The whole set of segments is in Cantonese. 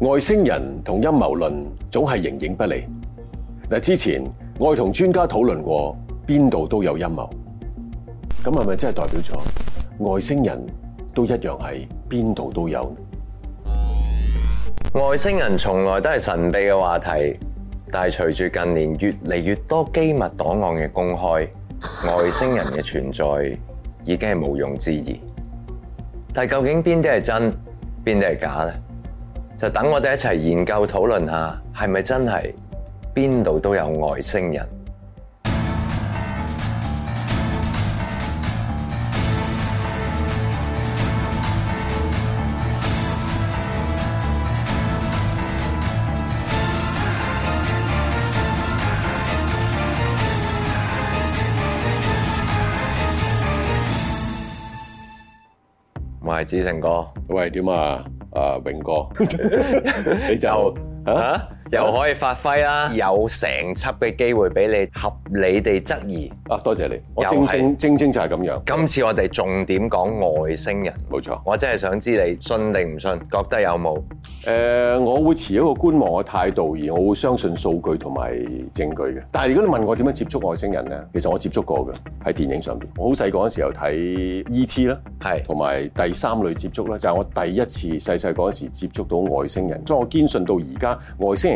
外星人同陰謀論總係形影不離。嗱，之前我同專家討論過，邊度都有陰謀，咁係咪真係代表咗外星人都一樣係邊度都有？外星人從來都係神秘嘅話題，但係隨住近年越嚟越多機密檔案嘅公開。外星人嘅存在已經係毋庸置疑，但究竟邊啲係真，邊啲係假呢？就等我哋一齊研究討論一下，係咪真係邊度都有外星人？子誠哥，喂，點啊？呃、 就 啊，永哥，你就啊？又可以發揮啦，嗯、有成輯嘅機會俾你合理地質疑。啊，多謝你，我正是正正正就係咁樣。今次我哋重點講外星人，冇錯。我真係想知你信定唔信，覺得有冇？誒、呃，我會持一個觀望嘅態度，而我會相信數據同埋證據嘅。但係如果你問我點樣接觸外星人咧，其實我接觸過嘅，喺電影上邊。我好細個嗰陣時候睇 E.T. 啦是，係同埋第三類接觸咧，就係、是、我第一次細細個嗰時接觸到外星人。所以我堅信到而家外星人。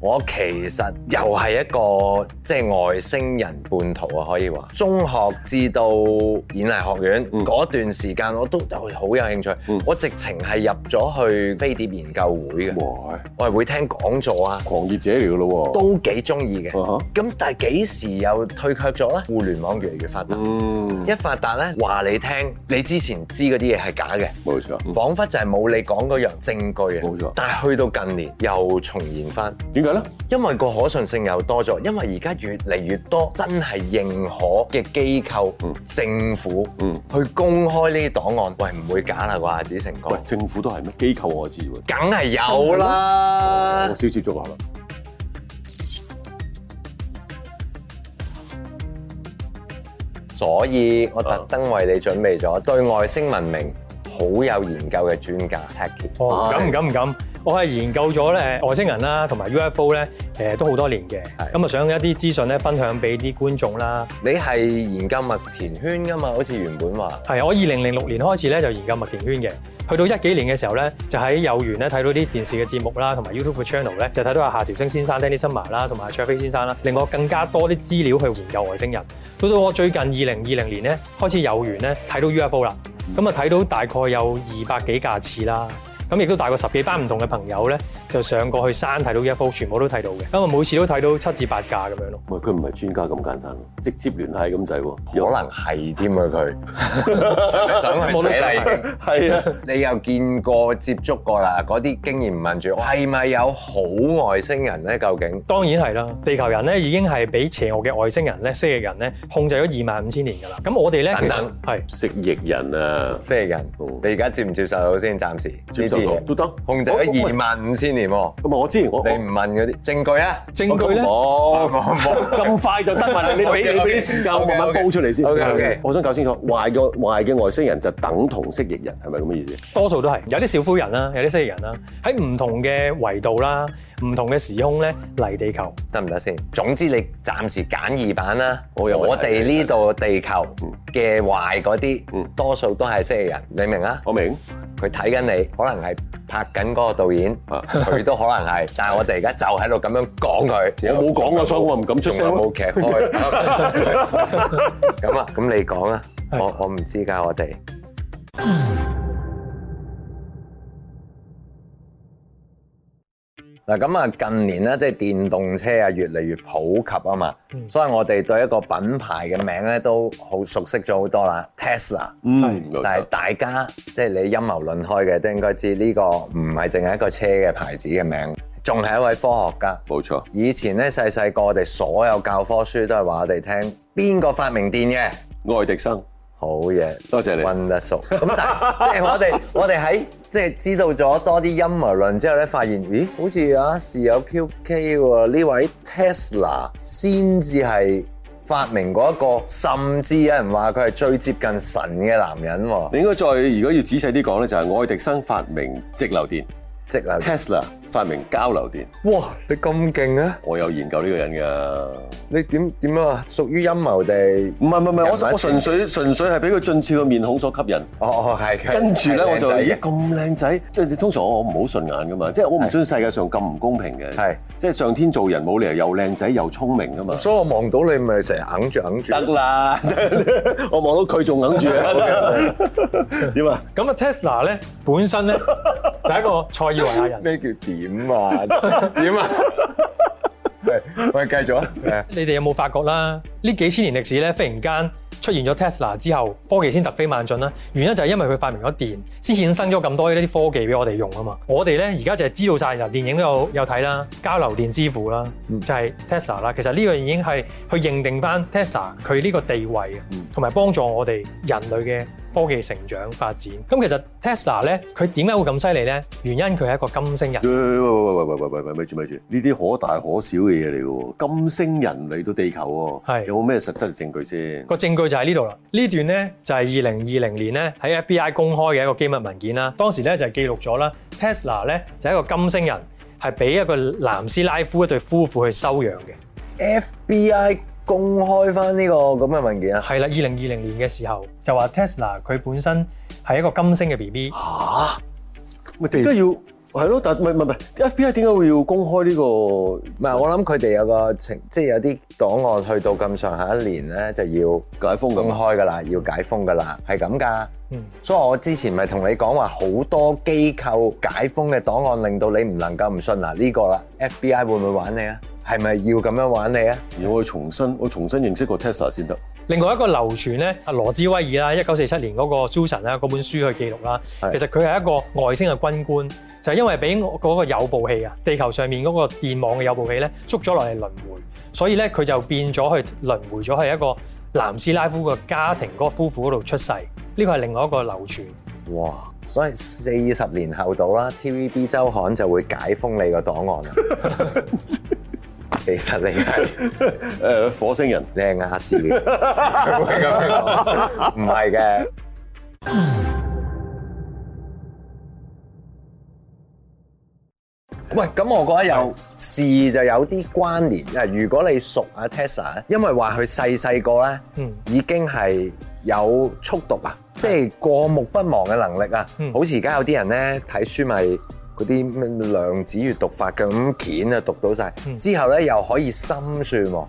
我其實又係一個即係、就是、外星人叛徒啊，可以話。中學至到演藝學院嗰、嗯、段時間，我都好有興趣。嗯、我直情係入咗去飛碟研究會嘅。哇我係會聽講座啊哈，狂熱者嚟嘅咯喎。都幾中意嘅。咁但係幾時又退卻咗咧？互聯網越嚟越發達。嗯。一發達咧，話你聽，你之前知嗰啲嘢係假嘅。冇錯。彷、嗯、彿就係冇你講嗰樣證據嘅。冇錯錯。但係去到近年又重現翻。點解？係咯，因為個可信性又多咗，因為而家越嚟越多真係認可嘅機構、政府去公開呢啲檔案，喂唔會假啦啩？子成哥，政府都係咩機構？我知梗係有啦。我少接觸下啦。所以我特登為你準備咗對外星文明好有研究嘅專家 Tecki。哦，敢唔敢唔敢？我係研究咗誒外星人啦，同埋 UFO 咧，誒都好多年嘅。咁啊的，想一啲資訊咧，分享俾啲觀眾啦。你係研究麥田圈噶嘛？好似原本話係我二零零六年開始咧就研究麥田圈嘅，去到一幾年嘅時候咧，就喺有緣咧睇到啲電視嘅節目啦，同埋 YouTube channel 咧就睇到阿夏韶聲先生 Danny Summer 啦，同埋阿卓飛先生啦，令我更加多啲資料去研究外星人。到到我最近二零二零年咧開始有緣咧睇到 UFO 啦，咁啊睇到大概有二百幾架次啦。咁亦都大過十幾班唔同嘅朋友就上過去山睇到一樖，全部都睇到嘅。因為每次都睇到七至八架咁樣咯。佢唔係專家咁簡單，直接聯繫咁滯喎。可能係添啊佢，想去睇啦已係啊，你又見過接觸過啦，嗰啲經驗問住，係咪有好外星人咧？究竟？當然係啦，地球人咧已經係俾邪惡嘅外星人咧，蜥蜴人咧控制咗二萬五千年㗎啦。咁我哋咧等等，係蜥蜴人啊，蜥蜴人，你而家接唔接受到先？暫時接受到都得，控制咗二萬五千年。咁啊！我之前我你唔問嗰啲證據啊？證據咧，冇冇冇，咁快就得問？你俾你俾啲時間，我慢慢煲出嚟先。OK OK，我想搞清楚，壞嘅壞嘅外星人就等同蜥蜴人，係咪咁嘅意思？多數都係有啲小灰人啦，有啲蜥蜴人啦，喺唔同嘅維度啦，唔同嘅時空咧嚟地球得唔得先？總之你暫時簡易版啦。我我哋呢度地球嘅壞嗰啲，多數都係蜥蜴人，你明啊？我明。佢睇緊你，可能係拍緊嗰個導演，佢亦都可能係。但係我哋而家就喺度咁樣講佢。我冇講啊，所以我唔敢出聲。冇劇開。咁啊？咁你講啊？我我唔知㗎，我哋。嗱咁啊，近年咧即係電動車啊，越嚟越普及啊嘛，所以我哋對一個品牌嘅名咧都好熟悉咗好多啦。Tesla，嗯，但係大家即係，嗯，你陰謀論開嘅，都應該知呢個唔係淨係一個車嘅牌子嘅名，仲係一位科學家。冇錯，以前咧細細個我哋所有教科書都係話我哋聽邊個發明電嘅，愛迪生。好嘢，多謝，謝你。溫得熟咁，但係即係我哋， 我哋喺即係知道咗多啲陰謀論之後咧，發現咦，好似啊，係有 QK 喎。呢位 Tesla 先至係發明嗰一個，甚至有人話佢係最接近神嘅男人。你應該再，如果要仔細啲講咧，就係、係、愛迪生發明直流電，直流電 Tesla。發明交流電，哇！你咁勁啊！我有研究呢個人噶，你點點樣啊？屬於陰謀定唔係唔係唔係？我我純粹純粹係俾佢俊俏嘅面孔所吸引。哦哦，係。跟住咧，我就咦咁靚仔，即係通常我我唔好順眼噶嘛，即係我唔想世界上咁唔公平嘅。係，即係上天造人冇理由又靚仔又聰明噶嘛。所以我望到你咪成日哽住哽住得啦。我望到佢仲哽住啊？點啊？咁啊，Tesla 咧本身咧就係一個塞爾維亞人。咩叫電？點啊？點啊？喂 喂，繼續啊！你哋有冇發覺啦？呢幾千年歷史咧，忽然間出現咗 Tesla 之後，科技先突飛猛進啦。原因就係因為佢發明咗電，先衍生咗咁多呢啲科技俾我哋用啊嘛。我哋咧而家就係知道晒，嗱，電影都有有睇啦，交流電之父啦，嗯、就係 Tesla 啦。其實呢樣已經係去認定翻 Tesla 佢呢個地位，同埋幫助我哋人類嘅。科技成長發展咁，其實 Tesla 咧，佢點解會咁犀利咧？原因佢係一個金星人。喂喂喂喂喂喂喂，咪住咪住，呢啲可大可小嘅嘢嚟嘅喎，金星人嚟到地球喎，係有冇咩實質嘅證據先？個證據就喺呢度啦，呢段咧就係二零二零年咧喺 FBI 公開嘅一個機密文件啦。當時咧就係記錄咗啦，Tesla 咧就係一個金星人，係俾一個南斯拉夫一對夫婦去收養嘅。FBI 公開翻呢個咁嘅文件啊！係啦，二零二零年嘅時候就話 Tesla 佢本身係一個金星嘅 B B 嚇，咪即係要。係咯，但係唔係唔係，FBI 點解會要公開呢個？唔係我諗佢哋有個情，即係有啲檔案去到咁上下一年咧，就要解封公開㗎啦，要解封㗎啦，係咁㗎。嗯，所以我之前咪同你講話，好多機構解封嘅檔案，令到你唔能夠唔信嗱呢個啦。FBI 會唔會玩你啊？係咪要咁樣玩你啊？我要重新，我重新認識個 Tesla 先得。另外一個流傳咧，阿羅茲威爾啦，一九四七年嗰個 Susan 啦，嗰本書去記錄啦，是其實佢係一個外星嘅軍官。就係因為俾嗰個有部戲啊，地球上面嗰個電網嘅有部戲咧，捉咗落嚟輪迴，所以咧佢就變咗去輪迴咗，去一個南斯拉夫個家庭嗰個夫婦嗰度出世。呢個係另外一個流傳。哇！所以四十年後到啦，TVB 周刊就會解封你個檔案啦。 其實你係誒、uh，火星人，你係亞視嘅，唔係嘅。 是 喂，咁我覺得有事就有啲關聯啊！如果你熟阿 Tesla，因為話佢細細個咧，已經係有速讀啊，嗯、即係過目不忘嘅能力啊，嗯、好似而家有啲人咧睇書咪，嗰啲咩量子閱讀法嘅咁，卷啊讀到晒，嗯、之後咧又可以心算、啊，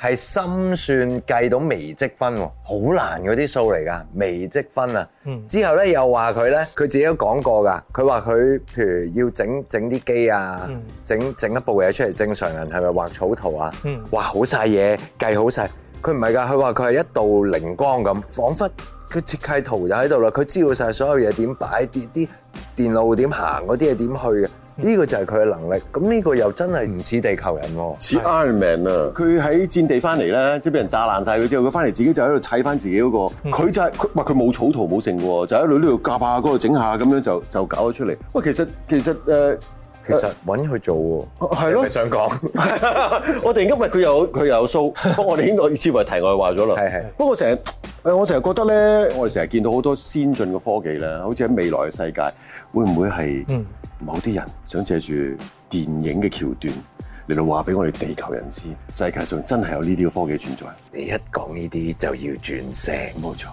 係心、嗯、算計到微積分，好難嗰啲數嚟噶，微積分啊。分啊嗯、之後咧又話佢咧，佢自己都講過噶，佢話佢譬如要整整啲機啊，整整、嗯、一部嘢出嚟，正常人係咪畫草圖啊？嘩、嗯，好晒嘢計好晒，佢唔係噶，佢話佢係一道靈光咁，仿佛。佢設計圖就喺度啦，佢知道晒所有嘢，點擺啲啲電路，點行嗰啲嘢點去嘅，呢個就係佢嘅能力。咁呢個又真係唔似地球人喎，似 Iron Man 啊！佢喺戰地翻嚟咧，即係俾人炸爛晒佢之後，佢翻嚟自己就喺度砌翻自己嗰個。佢就係佢，喂，佢冇草圖冇成嘅喎，就喺度呢度夾下嗰度整下咁樣就就搞咗出嚟。喂，其實其實誒，其實揾佢做喎，係咯，你想講。我突然間喂，佢有佢又有數，不過我哋應該視為題外話咗啦。係係，不過成日。誒、哎，我成日覺得咧，我哋成日見到好多先進嘅科技咧，好似喺未來嘅世界，會唔會係某啲人想借住電影嘅橋段嚟到話俾我哋地球人知，世界上真係有呢啲嘅科技存在？你一講呢啲就要轉聲，冇錯，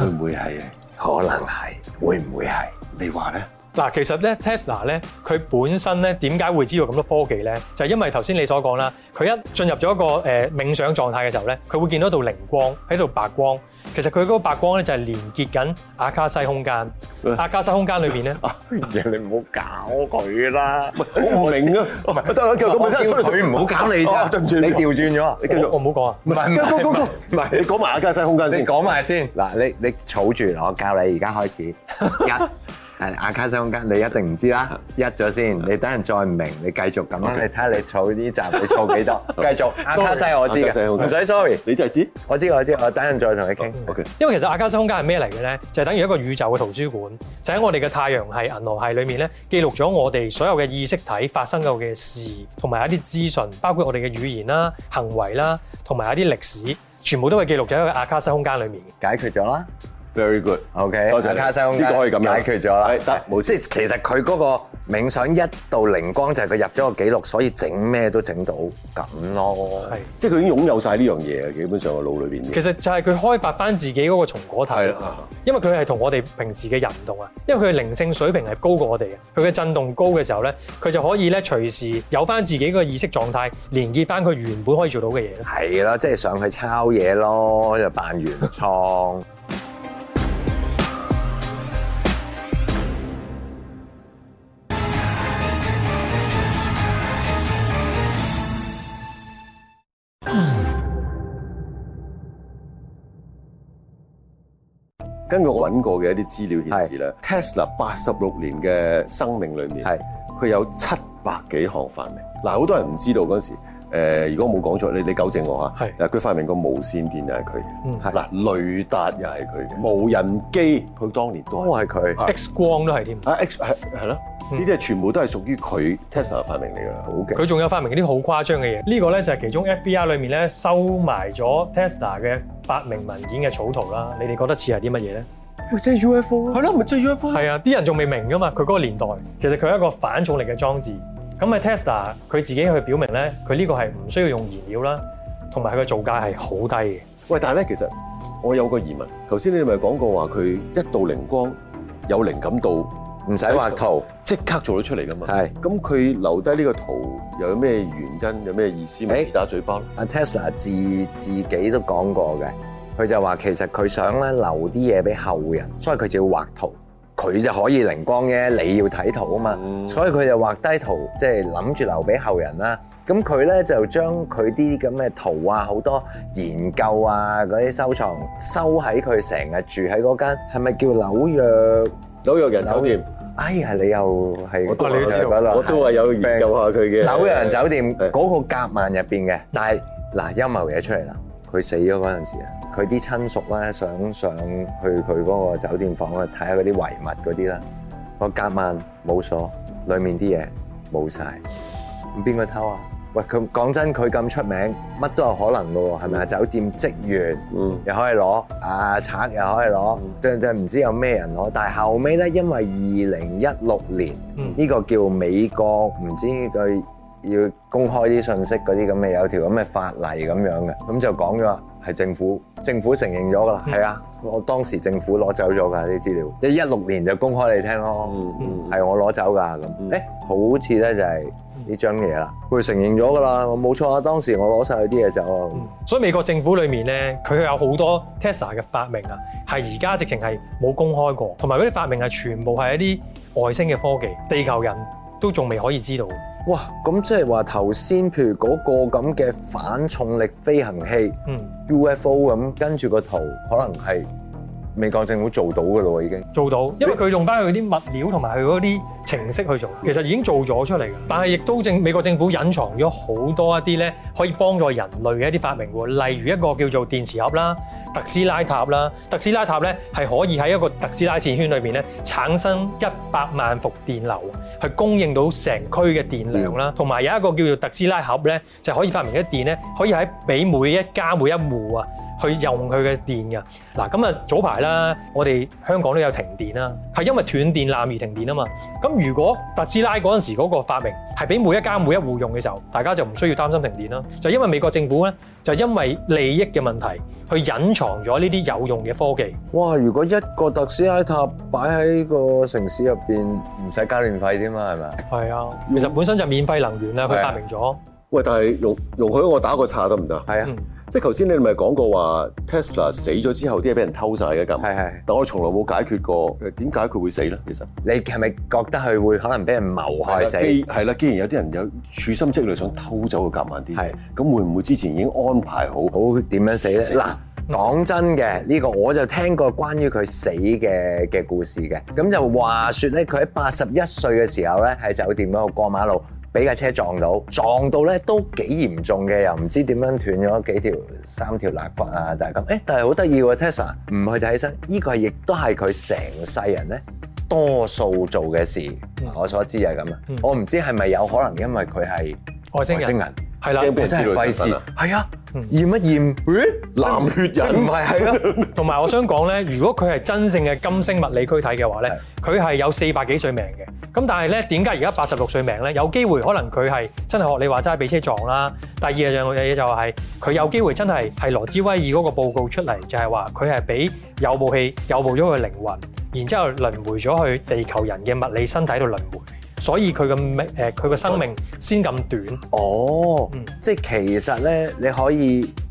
會唔會係？ 可能係，會唔會係？你話咧？嗱，其實咧，Tesla 咧，佢本身咧點解會知道咁多科技咧？就係因為頭先你所講啦，佢一進入咗一個誒冥想狀態嘅時候咧，佢會見到一道靈光喺度白光。其實佢嗰個白光咧就係連結緊阿卡西空間。阿卡西空間裏面咧，阿爺你唔好搞佢啦，好唔靈啊？唔係得啦，叫佢唔好搞你啫，你調轉咗啊？我唔好講啊，唔係，唔係，唔係，你講埋阿卡西空間先，講埋先。嗱，你你儲住，我教你而家開始。誒阿卡西空間，你一定唔知啦，一咗的先，的你等人再唔明，你繼續咁樣 Okay. 你睇下你儲啲集，你儲幾多， 繼續 Okay. 阿卡西我知嘅，唔使 sorry，你再知，我知，我知道，我知道，我等人再同你傾。Okay. Okay. 因為其實阿卡西空間係咩嚟嘅咧，就係、等於一個宇宙嘅圖書館，就喺我哋嘅太陽系、銀河系裏面咧，記錄咗我哋所有嘅意識體發生過嘅事，同埋一啲資訊，包括我哋嘅語言啦、行為啦，同埋一啲歷史，全部都係記錄咗喺阿卡西空間裏面。解決咗啦。Very good. OK，多謝，謝。卡西，呢個可以咁樣解決咗啦。了即係其實佢嗰個冥想一道靈光，就係、是、佢入咗個記錄，所以整咩都整到咁咯。係的，即係佢已經擁有晒呢樣嘢啊！基本上個腦裏邊。其實就係佢開發翻自己嗰個松果體的。因為佢係同我哋平時嘅人唔同啊。因為佢嘅靈性水平係高過我哋嘅，佢嘅震動高嘅時候咧，佢就可以咧隨時有翻自己嘅意識狀態，連結翻佢原本可以做到嘅嘢。係咯，即係上去抄嘢咯，又扮原創。 根據我揾過嘅一啲資料顯示是 Tesla 八十六年嘅生命裏面，佢是有七百幾項發明。嗱，好多人唔知道嗰時。誒、呃，如果我冇講錯，你你糾正我嚇。係是，嗱、啊，佢發明個無線電又係佢，嗱、嗯，雷達又係佢，無人機佢當年都係佢，X 光都係添。啊，X 係係咯，呢啲係全部都係屬於佢 Tesla 嘅發明嚟㗎。好嘅，佢仲有發明啲好誇張嘅嘢。這個、呢個咧就係、是、其中 FBI 裏面咧收埋咗 Tesla 嘅發明文件嘅草圖啦。你哋覺得似係啲乜嘢咧？即係 UFO。係咯，咪即係 UFO。係啊，啲、啊、人仲未明㗎嘛。佢嗰個年代，其實佢係一個反重力嘅裝置。咁啊，Tesla 佢自己去表明咧，佢呢個係唔需要用燃料啦，同埋佢嘅造價係好低嘅。喂，但係咧，其實我有個疑問，頭先你咪講過話佢一道靈光有靈感度，唔使畫圖即刻做咗出嚟噶嘛？係是。咁佢留低呢個圖又有咩原因？有咩意思？打是嘴巴，但 Tesla 自自己都講過嘅，佢就話其實佢想咧是留啲嘢俾後人，所以佢就要畫圖。佢就可以靈光嘅，你要睇圖啊嘛，所以佢就畫低圖，即係諗住留俾後人啦。咁佢咧就將佢啲咁嘅圖啊，好多研究啊，嗰啲收藏收喺佢成日住喺嗰間，係咪叫紐約紐約人酒店？哎呀，你又係我都知道，我都係有研究下佢嘅紐約人酒店嗰個夾萬入邊嘅。但係嗱陰謀嘢出嚟啦！佢死咗嗰陣時啊，佢啲親屬咧想上去佢嗰個酒店房去睇下嗰啲遺物嗰啲啦，我隔晚冇鎖，裡面啲嘢冇晒。咁邊個偷啊？喂，佢講真，佢咁出名，乜都有可能噶喎，係咪啊？嗯、酒店職員，嗯，又可以攞啊，賊又可以攞，正正唔知有咩人攞。但係後尾咧，因為二零一六年呢、嗯、個叫美國唔知佢。要公開啲信息嗰啲咁嘅有條咁嘅法例咁樣嘅，咁就講咗話係政府政府承認咗噶啦，係、嗯、啊，我當時政府攞走咗㗎啲資料，即係一六年就公開你聽咯，係、嗯、我攞走㗎咁，誒、嗯欸、好似咧就係呢張嘢啦，佢承認咗㗎啦，冇、嗯、錯啊，當時我攞晒佢啲嘢走啊、嗯，所以美國政府裡面咧，佢有好多 Tesla 嘅發明啊，係而家直情係冇公開過，同埋嗰啲發明係全部係一啲外星嘅科技，地球人都仲未可以知道。哇，咁即係話頭先，譬如嗰個咁嘅反重力飛行器、嗯、UFO 咁，跟住個圖可能係美國政府做到嘅咯，已經做到，因為佢用翻佢啲物料同埋佢嗰啲程式去做，其實已經做咗出嚟。但係亦都正美國政府隱藏咗好多一啲咧，可以幫助人類嘅一啲發明喎，例如一個叫做電磁盒啦。特斯拉塔啦，特斯拉塔咧，係可以喺一個特斯拉線圈裏邊咧，產生一百萬伏電流，去供應到成區嘅電量啦。同埋有一個叫做特斯拉盒咧，就可以發明啲電咧，可以喺俾每一家每一戶啊去用佢嘅電嘅。嗱，咁啊早排啦，我哋香港都有停電啦，係因為斷電纜而停電啊嘛。咁如果特斯拉嗰陣時嗰個發明係俾每一家每一戶用嘅時候，大家就唔需要擔心停電啦。就因為美國政府咧就因為利益嘅問題。去隱藏咗呢啲有用嘅科技。哇！如果一個特斯拉塔擺喺個城市入邊，唔使交電費添嘛，係咪啊？係啊，其實本身就免費能源啦，佢發明咗。喂，但係容容許我打個岔得唔得？係啊，嗯、即係頭先你咪講過話 Tesla 死咗之後啲嘢俾人偷晒嘅咁，係係是。但我從來冇解決過點解佢會死咧？其實你係咪覺得佢會可能俾人謀害死？係啦、啊啊，既然有啲人有處心積慮想偷走個夾萬啲，咁、啊、會唔會之前已經安排好好點樣死咧？嗱了，講真嘅呢、呢個，我就聽過關於佢死嘅嘅故事嘅。咁就話說咧，佢喺八十一歲嘅時候咧，喺酒店嗰度過馬路。俾架車撞到，撞到咧都幾嚴重嘅，又唔知點樣斷咗幾條三條肋骨啊！但係咁，誒、欸，但係好得意喎，Tesla 唔去睇醫生，呢個係亦都係佢成世人咧多數做嘅事，嗯、我所知係咁啊，嗯、我唔知係咪有可能因為佢係外星人。係啦，我真係費事。係啊，驗乜驗？藍血人唔係係啊。同埋我想講咧，如果佢係真正嘅金星物理軀體嘅話咧，佢係有四百幾歲命嘅。咁但係咧，點解而家八十六歲命咧？有機會可能佢係真係學你話齋俾車撞啦。第二樣嘅嘢就係佢有機會真係係羅茲威爾嗰個報告出嚟，就係話佢係俾有部戲有部咗佢個靈魂，然之後輪迴咗去地球人嘅物理身體度輪迴。所以佢嘅命，誒佢嘅生命先咁短。哦，嗯、即係其實咧，你可以。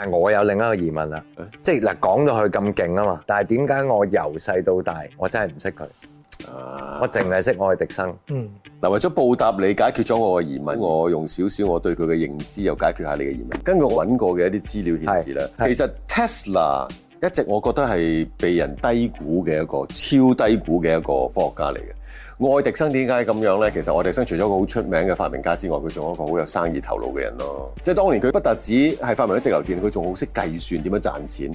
但係我有另一個疑問啦，誒即係嗱，講到佢咁勁啊嘛，但係點解我由細到大我真係唔識佢？啊、我淨係識愛迪生。嗱、啊，為咗報答你解決咗我嘅疑問，我用少少我對佢嘅認知，又解決下你嘅疑問。根據我揾過嘅一啲資料顯示咧，其實 Tesla 一直我覺得係被人低估嘅一個超低估嘅一個科學家嚟嘅。愛迪生點解咁樣咧？其實愛迪生除咗個好出名嘅發明家之外，佢仲有一個好有生意頭腦嘅人咯。即係當年佢不特止係發明咗直流電，佢仲好識計算點樣賺錢，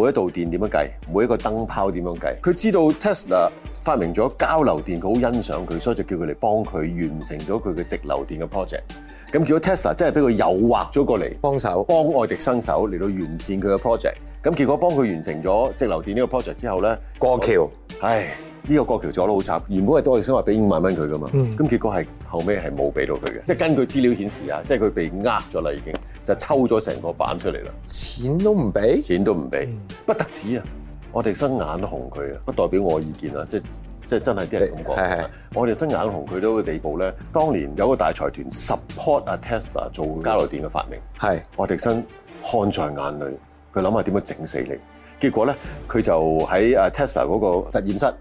每一度電點樣計，每一個燈泡點樣計。佢知道 Tesla 發明咗交流電，佢好欣賞佢，所以就叫佢嚟幫佢完成咗佢嘅直流電嘅 project。咁結果 Tesla，真係俾佢誘惑咗過嚟幫手，幫愛迪生手嚟到完善佢嘅 project。咁結果幫佢完成咗直流電呢個 project 之後咧，過橋，唉。呢個過橋做得好差，原本係我哋先話俾五萬蚊佢噶嘛，咁、嗯、結果係後尾係冇俾到佢嘅，即係根據資料顯示啊，即係佢被呃咗啦已經，就抽咗成個版出嚟啦，錢都唔俾，錢都唔俾，嗯、不得止啊！我哋生眼紅佢啊，不代表我意見啊，即係即係真係啲人咁講，的我哋新眼紅佢到嘅地步咧，當年有個大財團 support a Tesla 做的交流電嘅發明，係的，愛迪生看在眼裏，佢諗下點樣整死你。結果咧，佢就喺 Tesla 嗰個實驗室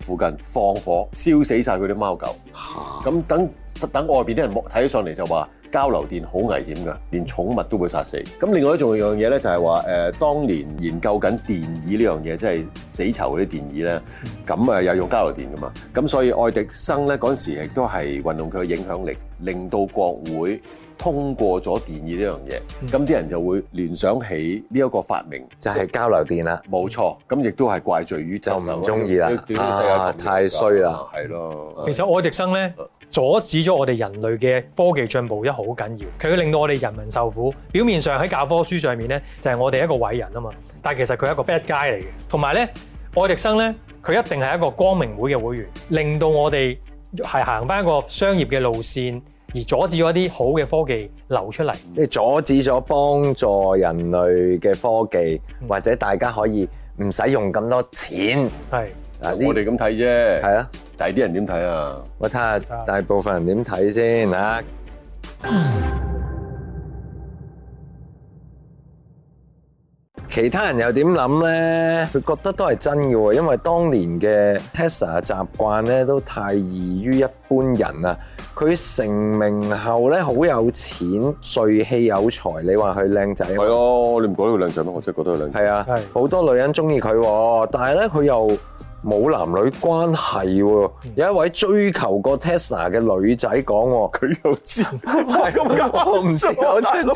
附近放火燒死晒佢啲貓狗。咁、啊、等等外邊啲人睇起上嚟就話交流電好危險㗎，連寵物都會殺死。咁另外仲有一樣嘢咧，就係話誒，當年研究緊電椅呢樣嘢，即係死囚嗰啲電椅咧，咁啊又用交流電㗎嘛。咁所以愛迪生咧，嗰陣時亦都係運用佢嘅影響力，令到國會通過咗電器呢樣嘢，咁啲人就會聯想起呢一個發明就係交流電啦。冇錯，咁亦都係怪罪於周文就唔中意啦。啊，太衰啦，係咯。其實愛迪生咧，阻止咗我哋人類嘅科技進步，一好緊要。佢令到我哋人民受苦。表面上喺教科書上面咧，就係、是、我哋一個偉人啊嘛。但係其實佢係一個 bad guy 嚟嘅。同埋咧，愛迪生咧，佢一定係一個光明會嘅會員，令到我哋係行翻一個商業嘅路線，而阻止咗一啲好嘅科技流出嚟，即係阻止咗幫助人類嘅科技，嗯、或者大家可以唔使用咁多錢。係是，我哋咁睇啫。係啊，第二啲人點睇啊？看啊，我睇下大部分人點睇先嚇。啊啊 其他人又點諗呢？佢覺得都係真嘅喎、哦，因為當年嘅 Tesla 習慣呢都太異於一般人啊！佢成名後呢，好有錢，帥氣有才，你話佢靚仔？係啊，你唔覺得佢靚仔咩？我真係覺得佢靚仔。係啊，好是多女人中意佢，但係呢，佢又。冇男女關係喎，有一位追求過 Tesla 嘅女仔講，佢又、嗯、知道，唔係咁㗋， 我唔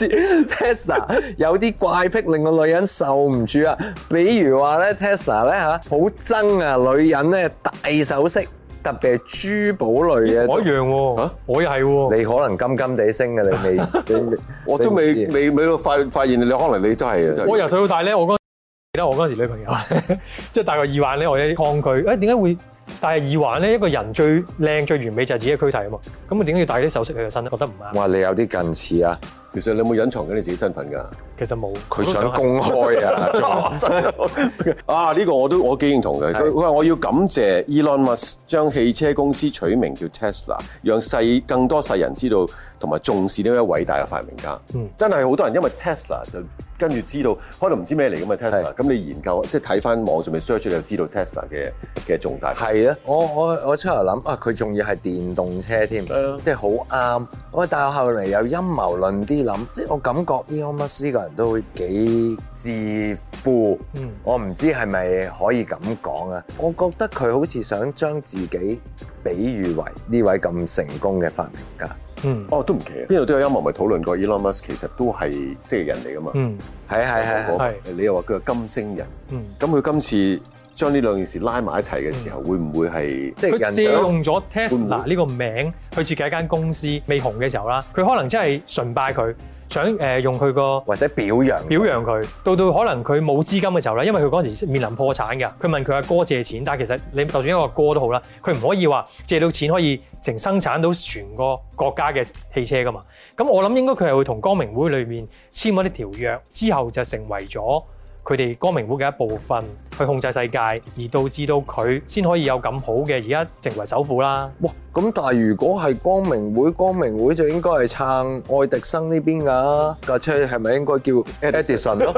知，Tesla 有啲怪癖令個女人受唔住啊，比如話咧 Tesla 咧嚇好憎啊，女人咧大首飾，特別係珠寶類嘅，我一樣喎、啊，啊、我又係喎，你可能金金地升嘅，你未，你 你我都未、啊、未未，未到發發現，你可能你都係，我由細到大咧，我覺得。因為我嗰陣時女朋友，即 係戴個耳環咧，我有啲抗拒。誒點解會戴係耳環咧，一個人最靚最完美就係自己嘅軀體啊嘛。咁啊點解要戴啲首飾喺個身咧？覺得唔啱。哇！你有啲近似啊。其實你有冇隱藏緊你自己身份㗎？其實冇，佢想公開啊！ 啊，呢、呢個我都我幾認同嘅。佢的話我要感謝 Elon Musk 將汽車公司取名叫 Tesla，讓世更多世人知道同埋重視呢位偉大嘅發明家。嗯、真係好多人因為 Tesla 就跟住知道，可能唔知咩嚟咁嘛。Tesla。咁你研究即係睇翻網上面 search，你就知道 Tesla 嘅嘅重大。係的啊，我我我出嚟諗啊，佢仲要係電動車添，Yeah. 即係好啱。我大學後嚟有陰謀論啲諗，即係我感覺 Elon Musk 呢個人。都會幾自負，我唔知係咪可以咁講啊？我覺得佢好似想將自己比喻為呢位咁成功嘅發明家。嗯，哦都唔奇，邊度都有陰謀咪討論過。Elon Musk 其實都係蜥蜴人嚟噶嘛？嗯，係係係係。你又話佢係金星人，咁佢今次將呢兩件事拉埋一齊嘅時候，會唔會係即係借用？佢用咗 Tesla 呢個名去設計一間公司，未紅嘅時候啦，佢可能真係崇拜佢。想、呃、用佢個或者表揚，表揚佢到到可能佢冇資金嘅時候咧，因為佢嗰陣時面臨破產嘅，佢問佢阿哥借錢，但其實你就算一個哥都好啦，佢唔可以話借到錢可以成生產到全個國家嘅汽車噶嘛。咁我諗應該佢係會同光明會裏面簽一啲條約，之後就成為咗佢哋光明會嘅一部分，去控制世界，而導致到佢先可以有咁好嘅而家成為首富啦。哇咁但係如果係光明會，光明會就應該係撐愛迪生呢邊㗎，架車係咪應該叫 Edison 愛迪生咯？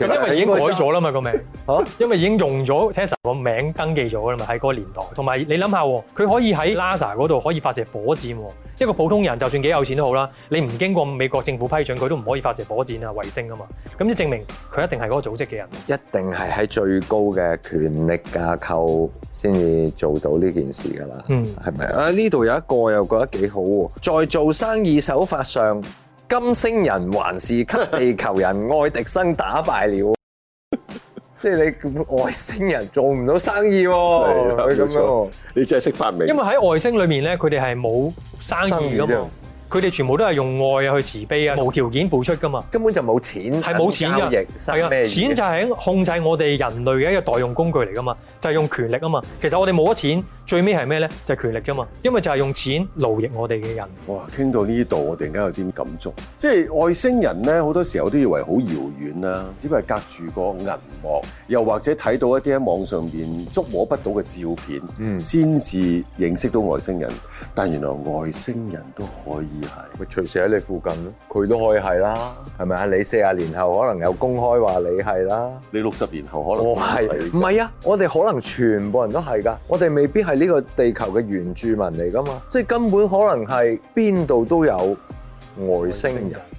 因為已經改咗啦嘛個名，嚇， 因為已經用咗 Tesla 個名登記咗啦嘛，喺嗰個年代。同埋你諗下，佢可以喺 NASA 嗰度可以發射火箭，一個普通人就算幾有錢都好啦，你唔經過美國政府批准，佢都唔可以發射火箭啊、衛星啊嘛。咁就證明佢一定係嗰個組織嘅人，一定係喺最高嘅權力架構先至做到呢件事㗎啦。嗯係咪啊？呢度有一個又覺得幾好喎，在做生意手法上，金星人還是給地球人愛迪生打敗了，即係你外星人做唔到生意喎，係咁樣，你真係識發明，因為喺外星裏面咧，佢哋係冇生意噶嘛。佢哋全部都係用愛啊去慈悲啊，無條件付出噶嘛，根本就冇錢，係冇錢噶，係啊易，是的錢就係控制我哋人類嘅一個代用工具嚟噶嘛，就係、是、用權力啊嘛。其實我哋冇咗錢，最尾係咩咧？就係、是、權力啫嘛。因為就係用錢奴役我哋嘅人。哇，傾到呢度，我突然間有啲感觸，即係外星人咧，好多時候都以為好遙遠啦、啊，只不過係隔住個銀幕，又或者睇到一啲喺網上邊捉摸不到嘅照片，嗯，先至認識到外星人。但原來外星人都可以。咪隨時喺你附近，佢都可以係啦，係咪啊？你四十年後可能有公開話你係啦，你六十年後可能唔係我係，唔係啊？我哋可能全部人都係㗎，我哋未必係呢個地球嘅原住民嚟㗎嘛，即係根本可能係邊度都有外星人。